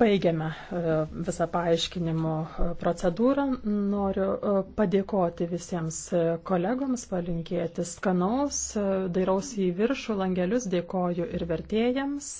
Baigiame e, visą paaiškinimo e, procedūrą. Noriu e, padėkoti visiems kolegoms, palinkėti skanaus, dairausi į viršų langelius, dėkoju ir vertėjams.